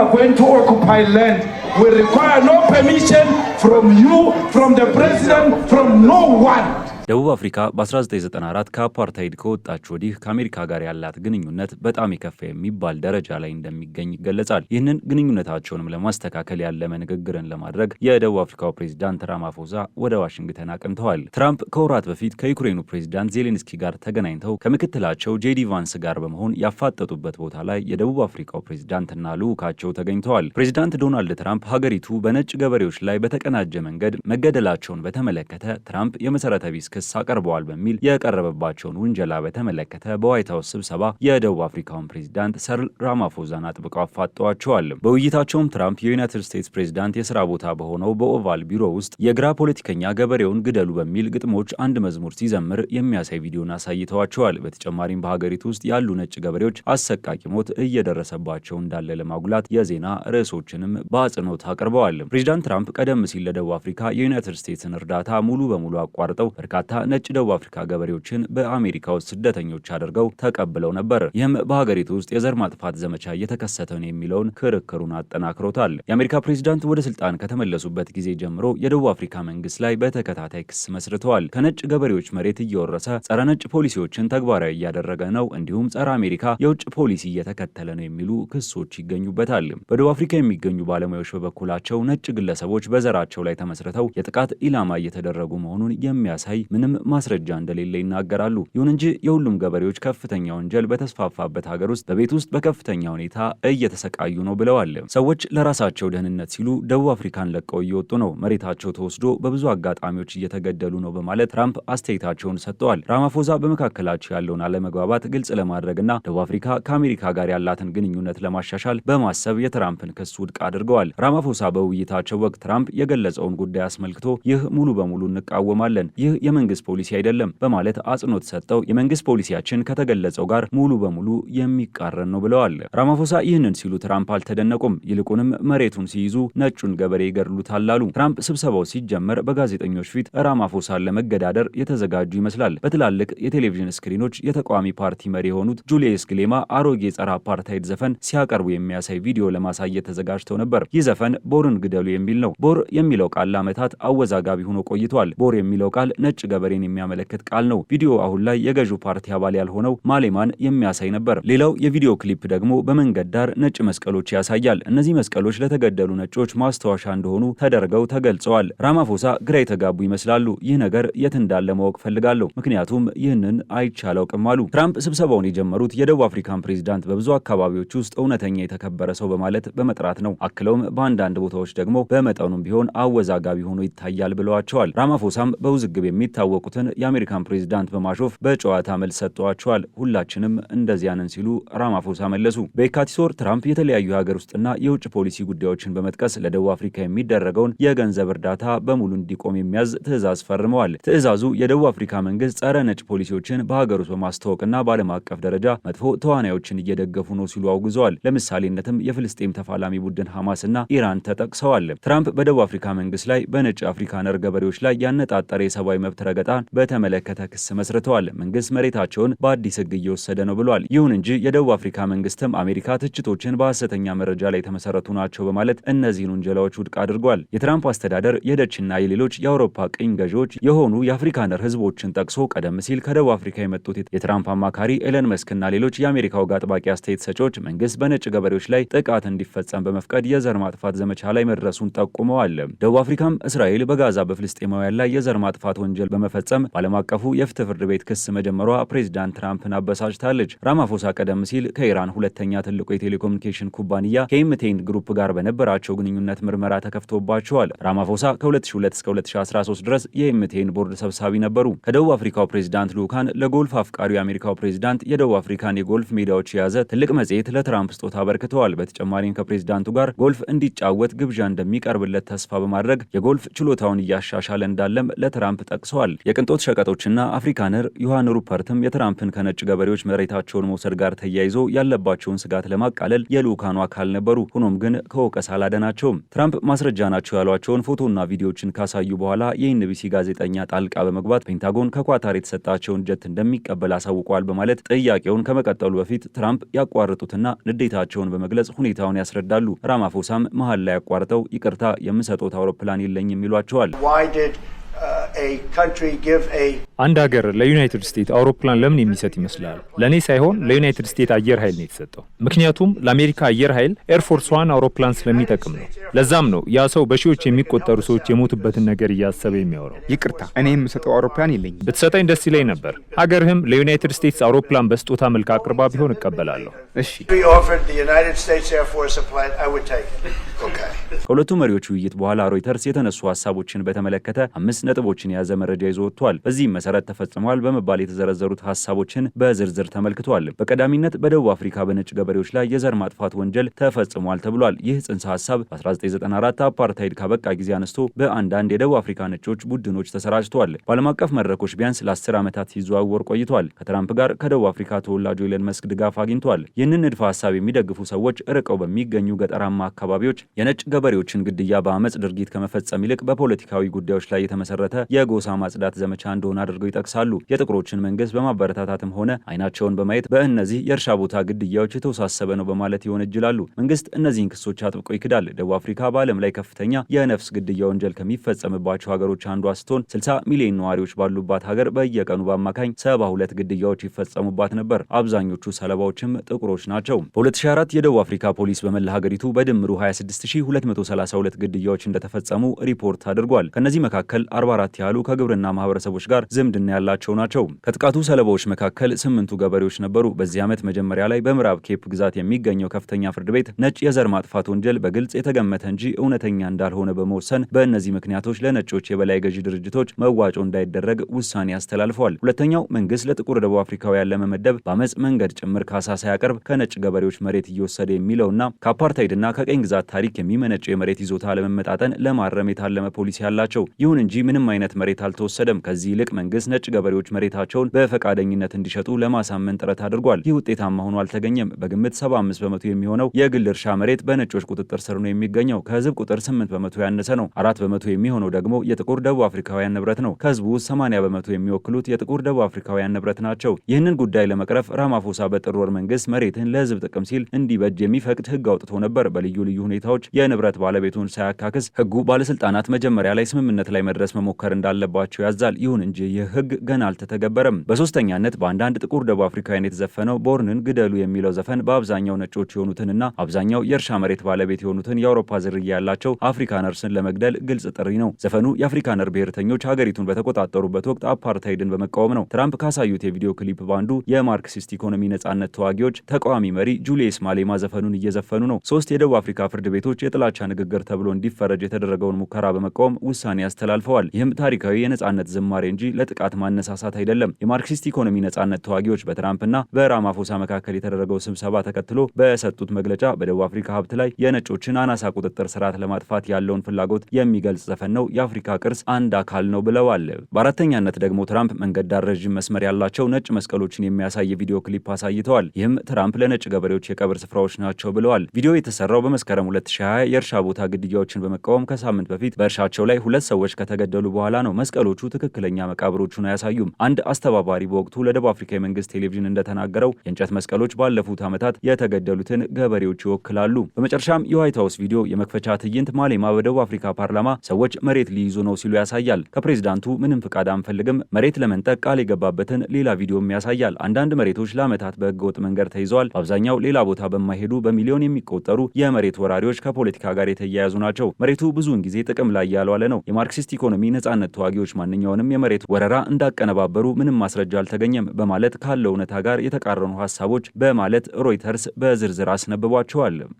are going to occupy land. We require no permission from you, from the president, from no one. ደቡብ አፍሪካ በ1994 ከአፓርታይድ ከወጣች ወዲህ ከአሜሪካ ጋር ያላት ግንኙነት በጣም የከፋ የሚባል ደረጃ ላይ እንደሚገኝ ይገለጻል። ይህንን ግንኙነታቸውንም ለማስተካከል ያለመ ንግግርን ለማድረግ የደቡብ አፍሪካው ፕሬዚዳንት ራማፎዛ ወደ ዋሽንግተን አቅንተዋል። ትራምፕ ከወራት በፊት ከዩክሬኑ ፕሬዚዳንት ዜሌንስኪ ጋር ተገናኝተው ከምክትላቸው ጄዲ ቫንስ ጋር በመሆን ያፋጠጡበት ቦታ ላይ የደቡብ አፍሪካው ፕሬዚዳንትና ልዑካቸው ተገኝተዋል። ፕሬዚዳንት ዶናልድ ትራምፕ ሀገሪቱ በነጭ ገበሬዎች ላይ በተቀናጀ መንገድ መገደላቸውን በተመለከተ ትራምፕ የመሰረተ ቢስ ክስ አቀርበዋል በሚል የቀረበባቸውን ውንጀላ በተመለከተ በዋይት ሀውስ ስብሰባ የደቡብ አፍሪካውን ፕሬዚዳንት ሰርል ራማፎዛን አጥብቀው አፋጠዋቸዋል። በውይይታቸውም ትራምፕ የዩናይትድ ስቴትስ ፕሬዚዳንት የስራ ቦታ በሆነው በኦቫል ቢሮ ውስጥ የግራ ፖለቲከኛ ገበሬውን ግደሉ በሚል ግጥሞች አንድ መዝሙር ሲዘምር የሚያሳይ ቪዲዮን አሳይተዋቸዋል። በተጨማሪም በሀገሪቱ ውስጥ ያሉ ነጭ ገበሬዎች አሰቃቂ ሞት እየደረሰባቸው እንዳለ ለማጉላት የዜና ርዕሶችንም በአጽንኦት አቅርበዋል። ፕሬዚዳንት ትራምፕ ቀደም ሲል ለደቡብ አፍሪካ የዩናይትድ ስቴትስን እርዳታ ሙሉ በሙሉ አቋርጠው በርካታ በርካታ ነጭ ደቡብ አፍሪካ ገበሬዎችን በአሜሪካ ውስጥ ስደተኞች አድርገው ተቀብለው ነበር። ይህም በሀገሪቱ ውስጥ የዘር ማጥፋት ዘመቻ እየተከሰተ ነው የሚለውን ክርክሩን አጠናክሮታል። የአሜሪካ ፕሬዚዳንት ወደ ስልጣን ከተመለሱበት ጊዜ ጀምሮ የደቡብ አፍሪካ መንግስት ላይ በተከታታይ ክስ መስርተዋል። ከነጭ ገበሬዎች መሬት እየወረሰ ጸረ ነጭ ፖሊሲዎችን ተግባራዊ እያደረገ ነው፣ እንዲሁም ጸረ አሜሪካ የውጭ ፖሊሲ እየተከተለ ነው የሚሉ ክሶች ይገኙበታል። በደቡብ አፍሪካ የሚገኙ ባለሙያዎች በበኩላቸው ነጭ ግለሰቦች በዘራቸው ላይ ተመስርተው የጥቃት ኢላማ እየተደረጉ መሆኑን የሚያሳይ ምንም ማስረጃ እንደሌለ ይናገራሉ። ይሁን እንጂ የሁሉም ገበሬዎች ከፍተኛ ወንጀል በተስፋፋበት ሀገር ውስጥ በቤት ውስጥ በከፍተኛ ሁኔታ እየተሰቃዩ ነው ብለዋል። ሰዎች ለራሳቸው ደህንነት ሲሉ ደቡብ አፍሪካን ለቀው እየወጡ ነው፣ መሬታቸው ተወስዶ በብዙ አጋጣሚዎች እየተገደሉ ነው በማለት ትራምፕ አስተያየታቸውን ሰጥተዋል። ራማፎዛ በመካከላቸው ያለውን አለመግባባት ግልጽ ለማድረግና ደቡብ አፍሪካ ከአሜሪካ ጋር ያላትን ግንኙነት ለማሻሻል በማሰብ የትራምፕን ክስ ውድቅ አድርገዋል። ራማፎሳ በውይይታቸው ወቅት ትራምፕ የገለጸውን ጉዳይ አስመልክቶ ይህ ሙሉ በሙሉ እንቃወማለን ይህ የመንግስት ፖሊሲ አይደለም በማለት አጽንኦት ሰጠው የመንግስት ፖሊሲያችን ከተገለጸው ጋር ሙሉ በሙሉ የሚቃረን ነው ብለዋል። ራማፎሳ ይህንን ሲሉ ትራምፕ አልተደነቁም። ይልቁንም መሬቱን ሲይዙ ነጩን ገበሬ ይገድሉታል አሉ። ትራምፕ ስብሰባው ሲጀመር በጋዜጠኞች ፊት ራማፎሳን ለመገዳደር የተዘጋጁ ይመስላል። በትላልቅ የቴሌቪዥን ስክሪኖች የተቃዋሚ ፓርቲ መሪ የሆኑት ጁልየስ ግሌማ አሮጌ ጸረ አፓርታይድ ዘፈን ሲያቀርቡ የሚያሳይ ቪዲዮ ለማሳየት ተዘጋጅተው ነበር። ይህ ዘፈን ቦርን ግደሉ የሚል ነው። ቦር የሚለው ቃል ለዓመታት አወዛጋቢ ሆኖ ቆይቷል። ቦር የሚለው ቃል ነጭ ገበሬን የሚያመለክት ቃል ነው። ቪዲዮ አሁን ላይ የገዢው ፓርቲ አባል ያልሆነው ማሌማን የሚያሳይ ነበር። ሌላው የቪዲዮ ክሊፕ ደግሞ በመንገድ ዳር ነጭ መስቀሎች ያሳያል። እነዚህ መስቀሎች ለተገደሉ ነጮች ማስታወሻ እንደሆኑ ተደርገው ተገልጸዋል። ራማፎሳ ግራ የተጋቡ ይመስላሉ። ይህ ነገር የት እንዳለ ማወቅ ፈልጋለሁ፣ ምክንያቱም ይህንን አይቻለውቅም አላውቅም አሉ። ትራምፕ ስብሰባውን የጀመሩት የደቡብ አፍሪካን ፕሬዚዳንት በብዙ አካባቢዎች ውስጥ እውነተኛ የተከበረ ሰው በማለት በመጥራት ነው። አክለውም በአንዳንድ ቦታዎች ደግሞ በመጠኑም ቢሆን አወዛጋቢ ሆኖ ይታያል ብለዋቸዋል። ራማፎሳም በውዝግብ የሚታ የሚታወቁትን የአሜሪካን ፕሬዚዳንት በማሾፍ በጨዋታ መልስ ሰጥተዋቸዋል። ሁላችንም እንደዚያ ነን ሲሉ ራማፎሳ መለሱ። በየካቲት ወር ትራምፕ የተለያዩ የሀገር ውስጥና የውጭ ፖሊሲ ጉዳዮችን በመጥቀስ ለደቡብ አፍሪካ የሚደረገውን የገንዘብ እርዳታ በሙሉ እንዲቆም የሚያዝ ትዕዛዝ ፈርመዋል። ትዕዛዙ የደቡብ አፍሪካ መንግስት ጸረ ነጭ ፖሊሲዎችን በሀገር ውስጥ በማስተዋወቅና በዓለም አቀፍ ደረጃ መጥፎ ተዋናዮችን እየደገፉ ነው ሲሉ አውግዘዋል። ለምሳሌነትም የፍልስጤም ተፋላሚ ቡድን ሐማስ እና ኢራን ተጠቅሰዋል። ትራምፕ በደቡብ አፍሪካ መንግስት ላይ በነጭ አፍሪካነር ገበሬዎች ላይ ያነጣጠረ የሰብአዊ መብት ረገጣን በተመለከተ ክስ መስርተዋል። መንግስት መሬታቸውን በአዲስ ህግ እየወሰደ ነው ብሏል። ይሁን እንጂ የደቡብ አፍሪካ መንግስትም አሜሪካ ትችቶችን በሐሰተኛ መረጃ ላይ የተመሰረቱ ናቸው በማለት እነዚህን ውንጀላዎች ውድቅ አድርጓል። የትራምፕ አስተዳደር የደችና የሌሎች የአውሮፓ ቅኝ ገዢዎች የሆኑ የአፍሪካነር ህዝቦችን ጠቅሶ ቀደም ሲል ከደቡብ አፍሪካ የመጡት የትራምፕ አማካሪ ኤለን መስክና ሌሎች የአሜሪካ ወግ አጥባቂ አስተያየት ሰጪዎች መንግስት በነጭ ገበሬዎች ላይ ጥቃት እንዲፈጸም በመፍቀድ የዘር ማጥፋት ዘመቻ ላይ መድረሱን ጠቁመዋል። ደቡብ አፍሪካም እስራኤል በጋዛ በፍልስጤማውያን ላይ የዘር ማጥፋት ወንጀል በመፈጸም በዓለም አቀፉ የፍትህ ፍርድ ቤት ክስ መጀመሯ ፕሬዚዳንት ትራምፕን አበሳጭታለች። ራማፎሳ ቀደም ሲል ከኢራን ሁለተኛ ትልቁ የቴሌኮሙኒኬሽን ኩባንያ ከኤምቴን ግሩፕ ጋር በነበራቸው ግንኙነት ምርመራ ተከፍቶባቸዋል። ራማፎሳ ከ2002 እስከ 2013 ድረስ የኤምቴን ቦርድ ሰብሳቢ ነበሩ። ከደቡብ አፍሪካው ፕሬዚዳንት ልዑካን ለጎልፍ አፍቃሪው የአሜሪካው ፕሬዚዳንት የደቡብ አፍሪካን የጎልፍ ሜዳዎች የያዘ ትልቅ መጽሔት ለትራምፕ ስጦታ አበርክተዋል። በተጨማሪም ከፕሬዚዳንቱ ጋር ጎልፍ እንዲጫወት ግብዣ እንደሚቀርብለት ተስፋ በማድረግ የጎልፍ ችሎታውን እያሻሻለ እንዳለም ለትራምፕ ጠቅሰዋል። ተናግረዋል። የቅንጦት ሸቀጦችና አፍሪካነር ዮሐን ሩፐርትም የትራምፕን ከነጭ ገበሬዎች መሬታቸውን መውሰድ ጋር ተያይዞ ያለባቸውን ስጋት ለማቃለል የልዑካኑ አካል ነበሩ። ሆኖም ግን ከወቀሳ አላዳናቸውም። ትራምፕ ማስረጃ ናቸው ያሏቸውን ፎቶና ቪዲዮዎችን ካሳዩ በኋላ የኤንቢሲ ጋዜጠኛ ጣልቃ በመግባት ፔንታጎን ከኳታር የተሰጣቸውን ጀት እንደሚቀበል አሳውቋል በማለት ጥያቄውን ከመቀጠሉ በፊት ትራምፕ ያቋርጡትና ንዴታቸውን በመግለጽ ሁኔታውን ያስረዳሉ። ራማፎሳም መሀል ላይ ያቋርጠው ይቅርታ የምሰጡት አውሮፕላን የለኝም ይሏቸዋል። አንድ ሀገር ለዩናይትድ ስቴትስ አውሮፕላን ለምን የሚሰጥ ይመስላል? ለእኔ ሳይሆን ለዩናይትድ ስቴትስ አየር ኃይል ነው የተሰጠው። ምክንያቱም ለአሜሪካ አየር ኃይል ኤርፎርስ ዋን አውሮፕላን ስለሚጠቅም ነው። ለዛም ነው ያ ሰው በሺዎች የሚቆጠሩ ሰዎች የሞቱበትን ነገር እያሰበ የሚያወራው። ይቅርታ፣ እኔ የምሰጠው አውሮፕላን የለኝም። ብትሰጠኝ ደስ ይለኝ ነበር። ሀገርህም ለዩናይትድ ስቴትስ አውሮፕላን በስጦታ መልክ አቅርባ ቢሆን እቀበላለሁ። እሺ። ከሁለቱ መሪዎች ውይይት በኋላ ሮይተርስ የተነሱ ሀሳቦችን በተመለከተ አምስት ነጥቦች ሀሳቦችን የያዘ መረጃ ይዞ ወጥቷል። በዚህም መሰረት ተፈጽሟል በመባል የተዘረዘሩት ሀሳቦችን በዝርዝር ተመልክቷል። በቀዳሚነት በደቡብ አፍሪካ በነጭ ገበሬዎች ላይ የዘር ማጥፋት ወንጀል ተፈጽሟል ተብሏል። ይህ ጽንሰ ሀሳብ በ1994 አፓርታይድ ካበቃ ጊዜ አንስቶ በአንዳንድ የደቡብ አፍሪካ ነጮች ቡድኖች ተሰራጭቷል። በዓለም አቀፍ መድረኮች ቢያንስ ለ10 ዓመታት ሲዘዋወር ቆይቷል። ከትራምፕ ጋር ከደቡብ አፍሪካ ተወላጁ ኤለን መስክ ድጋፍ አግኝቷል። ይህንን ንድፈ ሀሳብ የሚደግፉ ሰዎች ርቀው በሚገኙ ገጠራማ አካባቢዎች የነጭ ገበሬዎችን ግድያ በአመፅ ድርጊት ከመፈጸም ይልቅ በፖለቲካዊ ጉዳዮች ላይ የተመሰረተ የጎሳ ማጽዳት ዘመቻ እንደሆነ አድርገው ይጠቅሳሉ። የጥቁሮችን መንግስት በማበረታታትም ሆነ አይናቸውን በማየት በእነዚህ የእርሻ ቦታ ግድያዎች የተወሳሰበ ነው በማለት ይወነጅላሉ። መንግስት እነዚህን ክሶች አጥብቆ ይክዳል። ደቡብ አፍሪካ በዓለም ላይ ከፍተኛ የነፍስ ግድያ ወንጀል ከሚፈጸምባቸው ሀገሮች አንዷ ስትሆን 60 ሚሊዮን ነዋሪዎች ባሉባት ሀገር በየቀኑ በአማካኝ 72 ግድያዎች ይፈጸሙባት ነበር። አብዛኞቹ ሰለባዎችም ጥቁሮች ናቸው። በ2004 የደቡብ አፍሪካ ፖሊስ በመላ ሀገሪቱ በድምሩ 26232 ግድያዎች እንደተፈጸሙ ሪፖርት አድርጓል። ከእነዚህ መካከል 44 ያሉ ከግብርና ማህበረሰቦች ጋር ዝምድና ያላቸው ናቸው። ከጥቃቱ ሰለባዎች መካከል ስምንቱ ገበሬዎች ነበሩ። በዚህ ዓመት መጀመሪያ ላይ በምዕራብ ኬፕ ግዛት የሚገኘው ከፍተኛ ፍርድ ቤት ነጭ የዘር ማጥፋት ወንጀል በግልጽ የተገመተ እንጂ እውነተኛ እንዳልሆነ በመወሰን በእነዚህ ምክንያቶች ለነጮች የበላይ ገዢ ድርጅቶች መዋጮ እንዳይደረግ ውሳኔ አስተላልፈዋል። ሁለተኛው መንግስት ለጥቁር ደቡብ አፍሪካውያን ለመመደብ በአመፅ መንገድ ጭምር ካሳ ሳያቀርብ ከነጭ ገበሬዎች መሬት እየወሰደ የሚለውና ከአፓርታይድና ከቀኝ ግዛት ታሪክ የሚመነጨው የመሬት ይዞታ ለመመጣጠን ለማረም የታለመ ፖሊሲ አላቸው። ይሁን እንጂ ምንም አይነት አይነት መሬት አልተወሰደም። ከዚህ ይልቅ መንግስት ነጭ ገበሬዎች መሬታቸውን በፈቃደኝነት እንዲሸጡ ለማሳመን ጥረት አድርጓል። ይህ ውጤታማ ሆኖ አልተገኘም። በግምት 75 በመቶ የሚሆነው የግል እርሻ መሬት በነጮች ቁጥጥር ስር ነው የሚገኘው። ከህዝብ ቁጥር 8 በመቶ ያነሰ ነው። አራት በመቶ የሚሆነው ደግሞ የጥቁር ደቡብ አፍሪካውያን ንብረት ነው። ከህዝቡ ውስጥ 80 በመቶ የሚወክሉት የጥቁር ደቡብ አፍሪካውያን ንብረት ናቸው። ይህንን ጉዳይ ለመቅረፍ ራማፎሳ በጥር ወር መንግስት መሬትን ለህዝብ ጥቅም ሲል እንዲበጅ የሚፈቅድ ህግ አውጥቶ ነበር። በልዩ ልዩ ሁኔታዎች የንብረት ባለቤቱን ሳያካክስ ህጉ ባለስልጣናት መጀመሪያ ላይ ስምምነት ላይ መድረስ መሞከር እንዳለባቸው ያዛል። ይሁን እንጂ ይህ ህግ ገና አልተተገበረም። በሶስተኛነት በአንዳንድ ጥቁር ደቡብ አፍሪካውያን የተዘፈነው ቦርንን ግደሉ የሚለው ዘፈን በአብዛኛው ነጮች የሆኑትንና አብዛኛው የእርሻ መሬት ባለቤት የሆኑትን የአውሮፓ ዝርያ ያላቸው አፍሪካነርስን ለመግደል ግልጽ ጥሪ ነው። ዘፈኑ የአፍሪካነር ብሔርተኞች ሀገሪቱን በተቆጣጠሩበት ወቅት አፓርታይድን በመቃወም ነው። ትራምፕ ካሳዩት የቪዲዮ ክሊፕ ባንዱ የማርክሲስት ኢኮኖሚ ነጻነት ተዋጊዎች ተቃዋሚ መሪ ጁልየስ ማሌማ ዘፈኑን እየዘፈኑ ነው። ሶስት የደቡብ አፍሪካ ፍርድ ቤቶች የጥላቻ ንግግር ተብሎ እንዲፈረጅ የተደረገውን ሙከራ በመቃወም ውሳኔ አስተላልፈዋል። ይህም ታሪካዊ የነጻነት ዝማሬ እንጂ ለጥቃት ማነሳሳት አይደለም። የማርክሲስት ኢኮኖሚ ነጻነት ተዋጊዎች በትራምፕና በራማፎሳ መካከል የተደረገው ስብሰባ ተከትሎ በሰጡት መግለጫ በደቡብ አፍሪካ ሀብት ላይ የነጮችን አናሳ ቁጥጥር ስርዓት ለማጥፋት ያለውን ፍላጎት የሚገልጽ ዘፈን ነው፣ የአፍሪካ ቅርስ አንድ አካል ነው ብለዋል። በአራተኛነት ደግሞ ትራምፕ መንገድ ዳር ረዥም መስመር ያላቸው ነጭ መስቀሎችን የሚያሳይ ቪዲዮ ክሊፕ አሳይተዋል። ይህም ትራምፕ ለነጭ ገበሬዎች የቀብር ስፍራዎች ናቸው ብለዋል። ቪዲዮ የተሰራው በመስከረም 2020 የእርሻ ቦታ ግድያዎችን በመቃወም ከሳምንት በፊት በእርሻቸው ላይ ሁለት ሰዎች ከተገደሉ በኋላ በኋላ ነው መስቀሎቹ ትክክለኛ መቃብሮቹን አያሳዩም። አንድ አስተባባሪ በወቅቱ ለደቡብ አፍሪካ የመንግስት ቴሌቪዥን እንደተናገረው የእንጨት መስቀሎች ባለፉት ዓመታት የተገደሉትን ገበሬዎች ይወክላሉ። በመጨረሻም የዋይት ሀውስ ቪዲዮ የመክፈቻ ትዕይንት ማሌማ በደቡብ አፍሪካ ፓርላማ ሰዎች መሬት ሊይዙ ነው ሲሉ ያሳያል። ከፕሬዚዳንቱ ምንም ፍቃድ አንፈልግም መሬት ለመንጠቅ ቃል የገባበትን ሌላ ቪዲዮም ያሳያል። አንዳንድ መሬቶች ለዓመታት በህገወጥ መንገድ ተይዘዋል። በአብዛኛው ሌላ ቦታ በማይሄዱ በሚሊዮን የሚቆጠሩ የመሬት ወራሪዎች ከፖለቲካ ጋር የተያያዙ ናቸው። መሬቱ ብዙውን ጊዜ ጥቅም ላይ ያልዋለ ነው። የማርክሲስት ኢኮኖሚ ነጻ። የነጻነት ተዋጊዎች ማንኛውንም የመሬት ወረራ እንዳቀነባበሩ ምንም ማስረጃ አልተገኘም በማለት ካለው እውነታ ጋር የተቃረኑ ሀሳቦች በማለት ሮይተርስ በዝርዝር አስነብቧቸዋል።